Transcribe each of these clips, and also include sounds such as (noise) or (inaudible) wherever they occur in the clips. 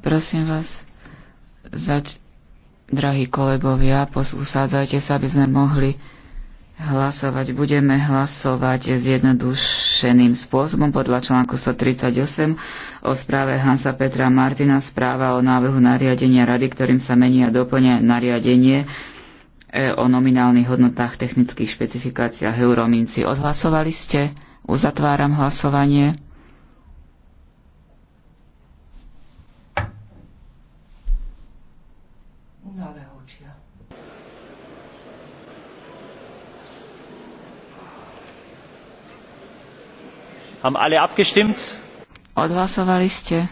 Prosím vás, drahí kolegovia, usádzajte sa, aby sme mohli hlasovať. Budeme hlasovať zjednodušeným spôsobom podľa článku 138 o správe Hansa Petra Martina, správa o návrhu nariadenia rady, ktorým sa mení a doplňa nariadenie e, o nominálnych hodnotách technických špecifikáciách Euromínci. Odhlasovali ste? Uzatváram hlasovanie. Haben alle abgestimmt? Odhlasovali ste.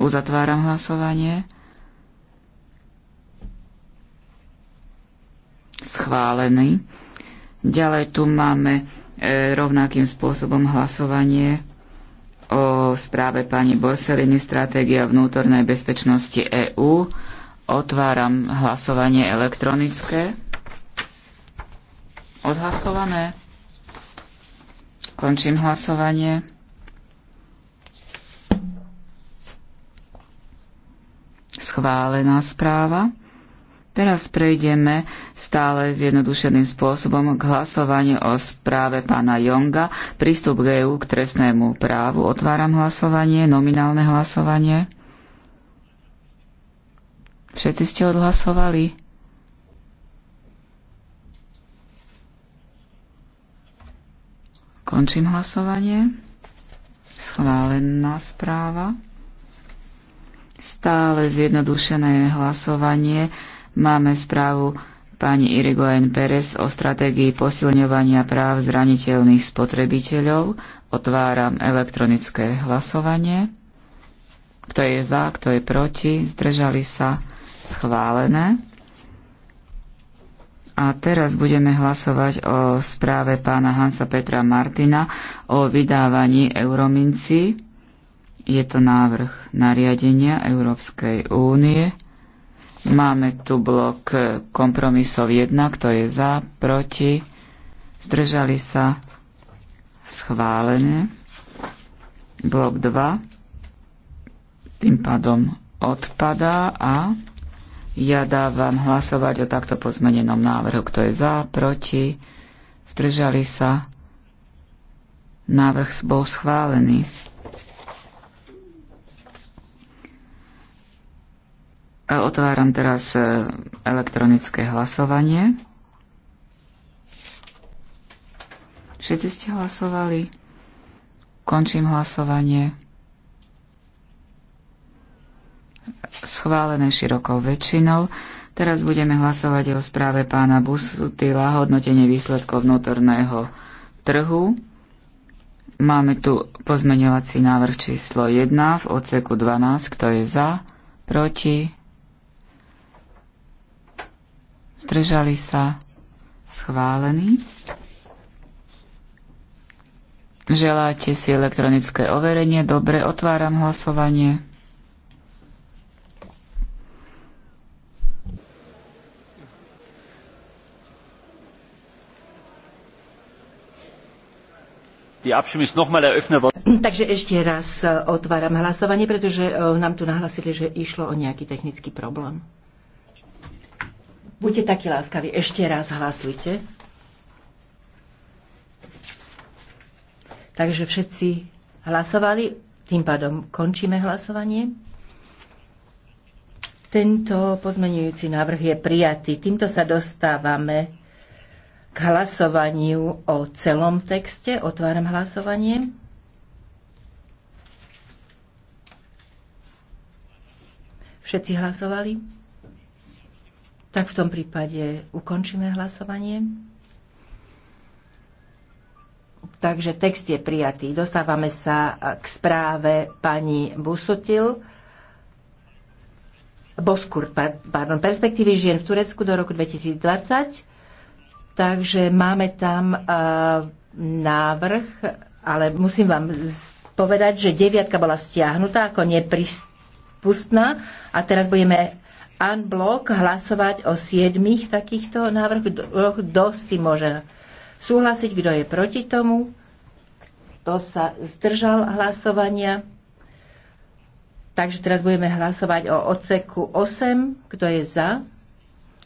Uzatváram hlasovanie. Schválený. Ďalej tu máme e, rovnakým spôsobom hlasovanie o správe pani Borseliny Stratégia vnútornej bezpečnosti EÚ. Otváram hlasovanie elektronické. Odhlasované. Končím hlasovanie. Schválená správa. Teraz prejdeme stále zjednodušeným spôsobom k hlasovaniu o správe pána Jonga. Prístup k EU k trestnému právu. Otváram hlasovanie, nominálne hlasovanie. Všetci ste odhlasovali? Končím hlasovanie. Schválená správa. Stále zjednodušené hlasovanie Máme správu pani Irigoyen Perez o stratégii posilňovania práv zraniteľných spotrebiteľov. Otváram elektronické hlasovanie. Kto je za, kto je proti, zdržali sa schválené. A teraz budeme hlasovať o správe pána Hansa Petra Martina o vydávaní Eurominci. Je to návrh nariadenia Európskej únie Máme tu blok eh, kompromisov 1, kto je za, proti, zdržali sa, schválené. Blok 2, tým pádom odpadá a ja dávam hlasovať o takto pozmenenom návrhu, kto je za, proti, zdržali sa. Návrh bol schválený. Otváram teraz e, elektronické hlasovanie. Všetci ste hlasovali? Končím hlasovanie. Schválené širokou väčšinou. Teraz budeme hlasovať o správe pána Busutila, hodnotenie výsledkov vnútorného trhu. Máme tu pozmeňovací návrh číslo 1 v odseku 12. Kto je za? Proti? Zdržali sa schválení. Želáte si elektronické overenie? Dobre, otváram hlasovanie. (clears throat) Takže ešte raz e, otváram hlasovanie, pretože e, nám tu nahlasili, že išlo o nejaký technický problém. Buďte takí láskaví, ešte raz hlasujte. Takže všetci hlasovali, tým pádom končíme hlasovanie. Tento pozmenujúci návrh je prijatý. Týmto sa dostávame k hlasovaniu o celom texte. Otváram hlasovanie. Všetci hlasovali? Tak v tom prípade ukončíme hlasovanie. Takže text je prijatý. Dostávame sa k správe pani Busutil. Boskur, pardon, perspektívy žien v Turecku do roku 2020. Takže máme tam uh, návrh, ale musím vám povedať, že deviatka bola stiahnutá ako nepristupná pustná a teraz budeme blok hlasovať o siedmých takýchto návrhoch. Kto s tým môže súhlasiť? Kto je proti tomu? Kto sa zdržal hlasovania? Takže teraz budeme hlasovať o odseku 8. Kto je za?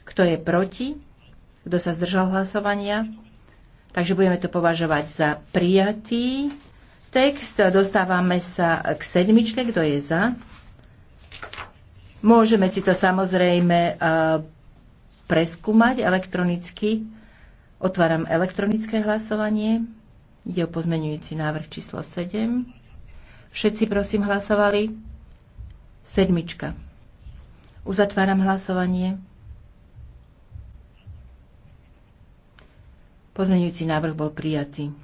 Kto je proti? Kto sa zdržal hlasovania? Takže budeme to považovať za prijatý text. Dostávame sa k sedmičke. Kto je za? Môžeme si to samozrejme eh, preskúmať elektronicky. Otváram elektronické hlasovanie. Ide o pozmenujúci návrh číslo 7. Všetci prosím hlasovali. Sedmička. Uzatváram hlasovanie. Pozmenujúci návrh bol prijatý.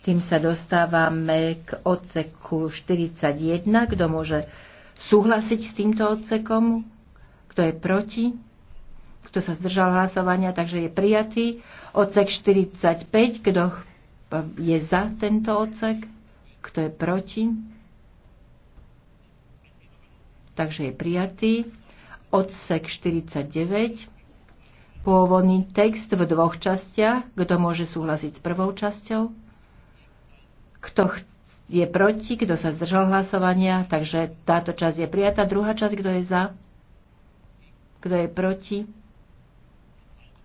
Tým sa dostávame k odseku 41. Kto môže súhlasiť s týmto odsekom? Kto je proti? Kto sa zdržal hlasovania, takže je prijatý. Odsek 45, kto je za tento odsek? Kto je proti? Takže je prijatý. Odsek 49, pôvodný text v dvoch častiach. Kto môže súhlasiť s prvou časťou? Kto chce je proti, kto sa zdržal hlasovania, takže táto časť je prijatá. Druhá časť, kto je za, kto je proti,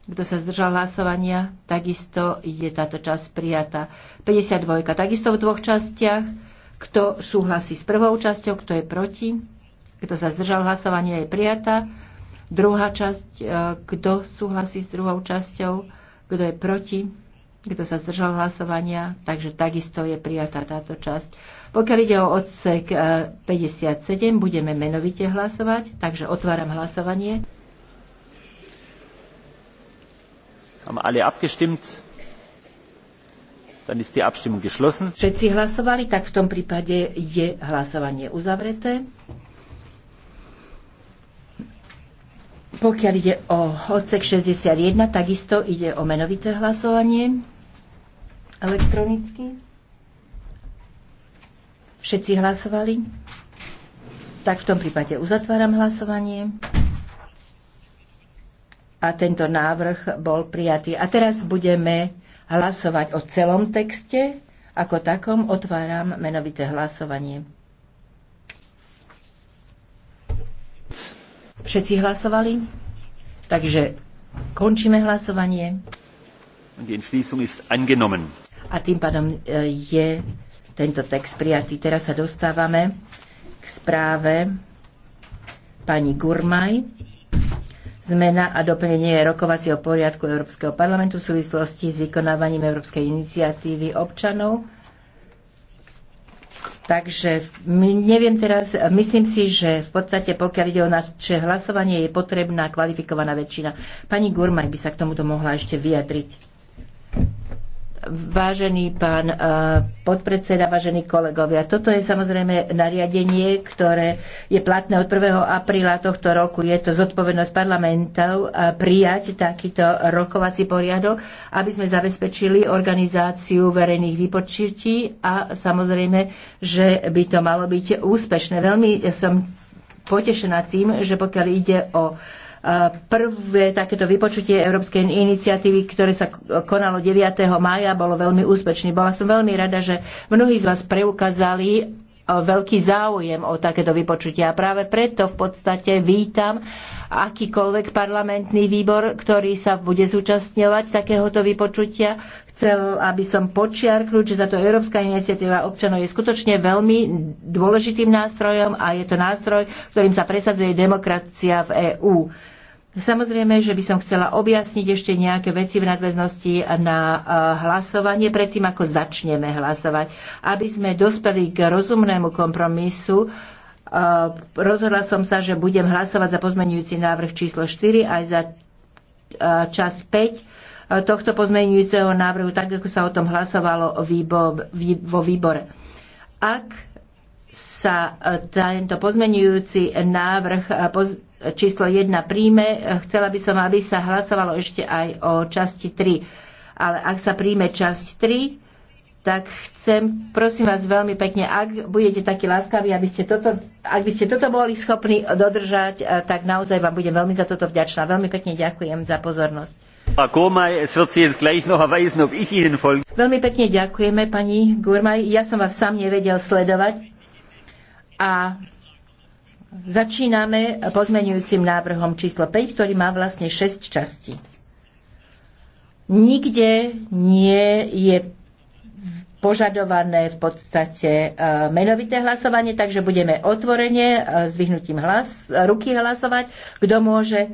kto sa zdržal hlasovania, takisto je táto časť prijatá. 52. Takisto v dvoch častiach. Kto súhlasí s prvou časťou, kto je proti, kto sa zdržal hlasovania, je prijatá. Druhá časť, e, kto súhlasí s druhou časťou, kto je proti, kto sa zdržal hlasovania, takže takisto je prijatá táto časť. Pokiaľ ide o odsek 57, e, budeme menovite hlasovať, takže otváram hlasovanie. Haben alle abgestimmt? Dann ist die Abstimmung geschlossen. Všetci hlasovali, tak v tom prípade je hlasovanie uzavreté. Pokiaľ ide o odsek 61, takisto ide o menovité hlasovanie elektronicky. Všetci hlasovali? Tak v tom prípade uzatváram hlasovanie. A tento návrh bol prijatý. A teraz budeme hlasovať o celom texte. Ako takom otváram menovité hlasovanie. Všetci hlasovali? Takže končíme hlasovanie. Die Entschließung ist angenommen a tým pádom e, je tento text prijatý. Teraz sa dostávame k správe pani Gurmaj. Zmena a doplnenie rokovacieho poriadku Európskeho parlamentu v súvislosti s vykonávaním Európskej iniciatívy občanov. Takže my, neviem teraz, myslím si, že v podstate pokiaľ ide o naše hlasovanie, je potrebná kvalifikovaná väčšina. Pani Gurmaj by sa k tomuto mohla ešte vyjadriť. Vážený pán e, podpredseda, vážení kolegovia, toto je samozrejme nariadenie, ktoré je platné od 1. apríla tohto roku. Je to zodpovednosť parlamentov e, prijať takýto rokovací poriadok, aby sme zabezpečili organizáciu verejných vypočutí a samozrejme, že by to malo byť úspešné. Veľmi som potešená tým, že pokiaľ ide o uh, Prvé takéto vypočutie Európskej iniciatívy, ktoré sa konalo 9. mája, bolo veľmi úspešné. Bola som veľmi rada, že mnohí z vás preukázali veľký záujem o takéto vypočutia. A práve preto v podstate vítam akýkoľvek parlamentný výbor, ktorý sa bude zúčastňovať takéhoto vypočutia. Chcel, aby som počiarknul, že táto Európska iniciatíva občanov je skutočne veľmi dôležitým nástrojom a je to nástroj, ktorým sa presadzuje demokracia v EÚ. Samozrejme, že by som chcela objasniť ešte nejaké veci v nadväznosti na e, hlasovanie predtým, ako začneme hlasovať. Aby sme dospeli k rozumnému kompromisu, e, rozhodla som sa, že budem hlasovať za pozmenujúci návrh číslo 4 aj za e, čas 5 tohto pozmenujúceho návrhu, tak ako sa o tom hlasovalo vo výbore. Ak sa tento pozmenujúci návrh číslo 1 príjme. Chcela by som, aby sa hlasovalo ešte aj o časti 3. Ale ak sa príjme časť 3, tak chcem, prosím vás veľmi pekne, ak budete takí láskaví, aby ste toto, ak by ste toto boli schopní dodržať, eh, tak naozaj vám budem veľmi za toto vďačná. Veľmi pekne ďakujem za pozornosť. Veľmi pekne ďakujeme, pani Gurmaj. Ja som vás sám nevedel sledovať. A Začíname pozmenujúcim návrhom číslo 5, ktorý má vlastne 6 častí. Nikde nie je požadované v podstate e, menovité hlasovanie, takže budeme otvorene e, vyhnutím hlas, ruky hlasovať. Kto môže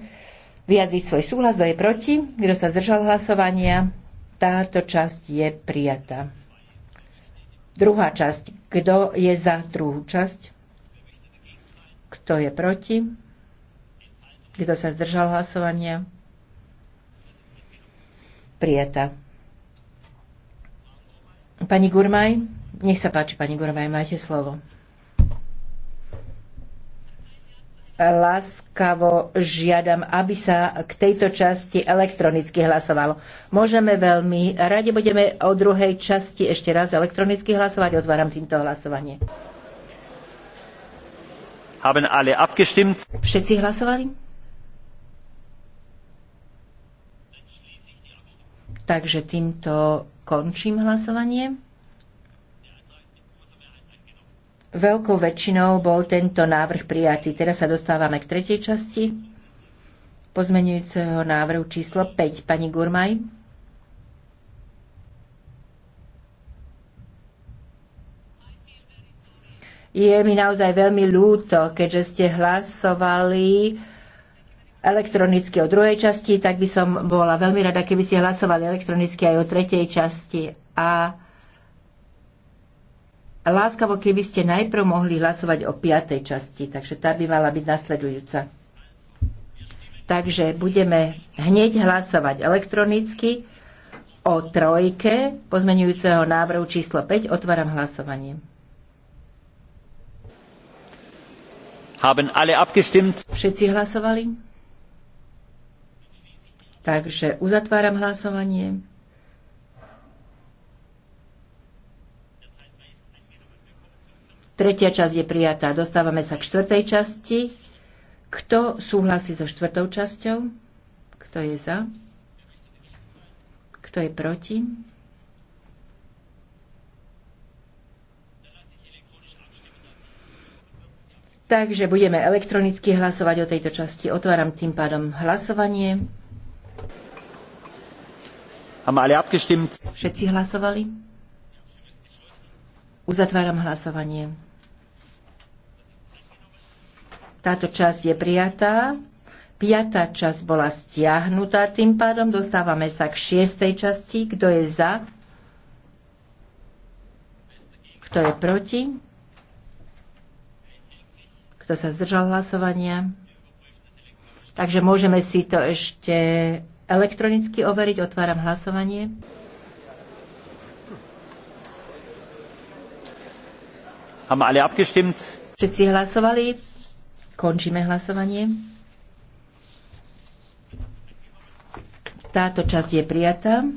vyjadriť svoj súhlas, kto je proti, kto sa zdržal hlasovania, táto časť je prijatá. Druhá časť. Kto je za druhú časť? Kto je proti? Kto sa zdržal hlasovania? Prijeta. Pani Gurmaj, nech sa páči, pani Gurmaj, máte slovo. Láskavo žiadam, aby sa k tejto časti elektronicky hlasovalo. Môžeme veľmi, radi budeme o druhej časti ešte raz elektronicky hlasovať. Otváram týmto hlasovanie. Haben alle abgestimmt? Všetci hlasovali? Takže týmto končím hlasovanie. Veľkou väčšinou bol tento návrh prijatý. Teraz sa dostávame k tretej časti pozmenujúceho návrhu číslo 5. Pani Gurmaj. Je mi naozaj veľmi ľúto, keďže ste hlasovali elektronicky o druhej časti, tak by som bola veľmi rada, keby ste hlasovali elektronicky aj o tretej časti. A láskavo, keby ste najprv mohli hlasovať o piatej časti, takže tá by mala byť nasledujúca. Takže budeme hneď hlasovať elektronicky o trojke pozmenujúceho návrhu číslo 5. Otváram hlasovanie. Haben alle abgestimmt? Všetci hlasovali? Takže uzatváram hlasovanie. Tretia časť je prijatá. Dostávame sa k štvrtej časti. Kto súhlasí so štvrtou časťou? Kto je za? Kto je proti? Takže budeme elektronicky hlasovať o tejto časti. Otváram tým pádom hlasovanie. Všetci hlasovali? Uzatváram hlasovanie. Táto časť je prijatá. Piatá časť bola stiahnutá, tým pádom dostávame sa k šiestej časti. Kto je za? Kto je proti? Kto sa zdržal hlasovania? Takže môžeme si to ešte elektronicky overiť. Otváram hlasovanie. Haben alle abgestimmt? Všetci hlasovali. Končíme hlasovanie. Táto časť je prijatá.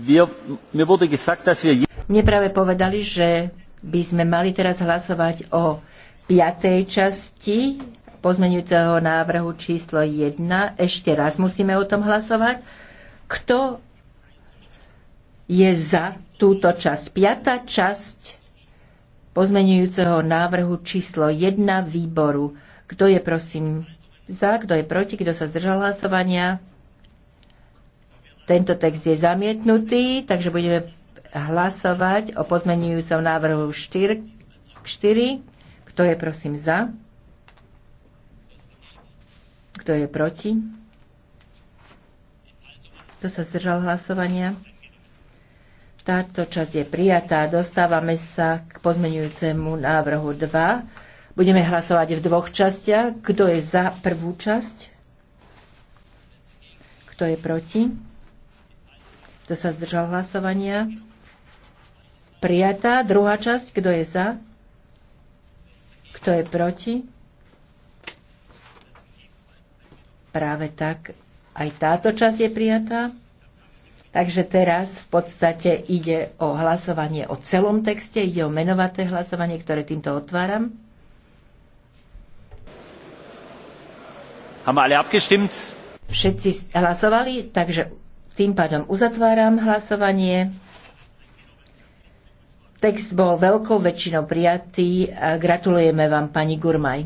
Wir, mir wurde gesagt, dass wir mne práve povedali, že by sme mali teraz hlasovať o piatej časti pozmeňujúceho návrhu číslo 1. Ešte raz musíme o tom hlasovať. Kto je za túto časť? Piatá časť pozmeňujúceho návrhu číslo 1 výboru. Kto je prosím za, kto je proti, kto sa zdržal hlasovania? Tento text je zamietnutý, takže budeme hlasovať o pozmenujúcom návrhu 4, 4. Kto je prosím za? Kto je proti? Kto sa zdržal hlasovania? Táto časť je prijatá. Dostávame sa k pozmenujúcemu návrhu 2. Budeme hlasovať v dvoch častiach. Kto je za prvú časť? Kto je proti? Kto sa zdržal hlasovania? Prijatá. Druhá časť. Kto je za? Kto je proti? Práve tak. Aj táto časť je prijatá. Takže teraz v podstate ide o hlasovanie o celom texte, ide o menovaté hlasovanie, ktoré týmto otváram. Haben alle abgestimmt? Všetci hlasovali, takže tým pádom uzatváram hlasovanie. Text bol veľkou väčšinou prijatý. Gratulujeme vám, pani Gurmaj.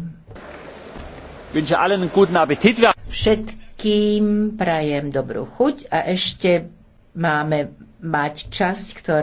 Všetkým prajem dobrú chuť a ešte máme mať časť, ktorá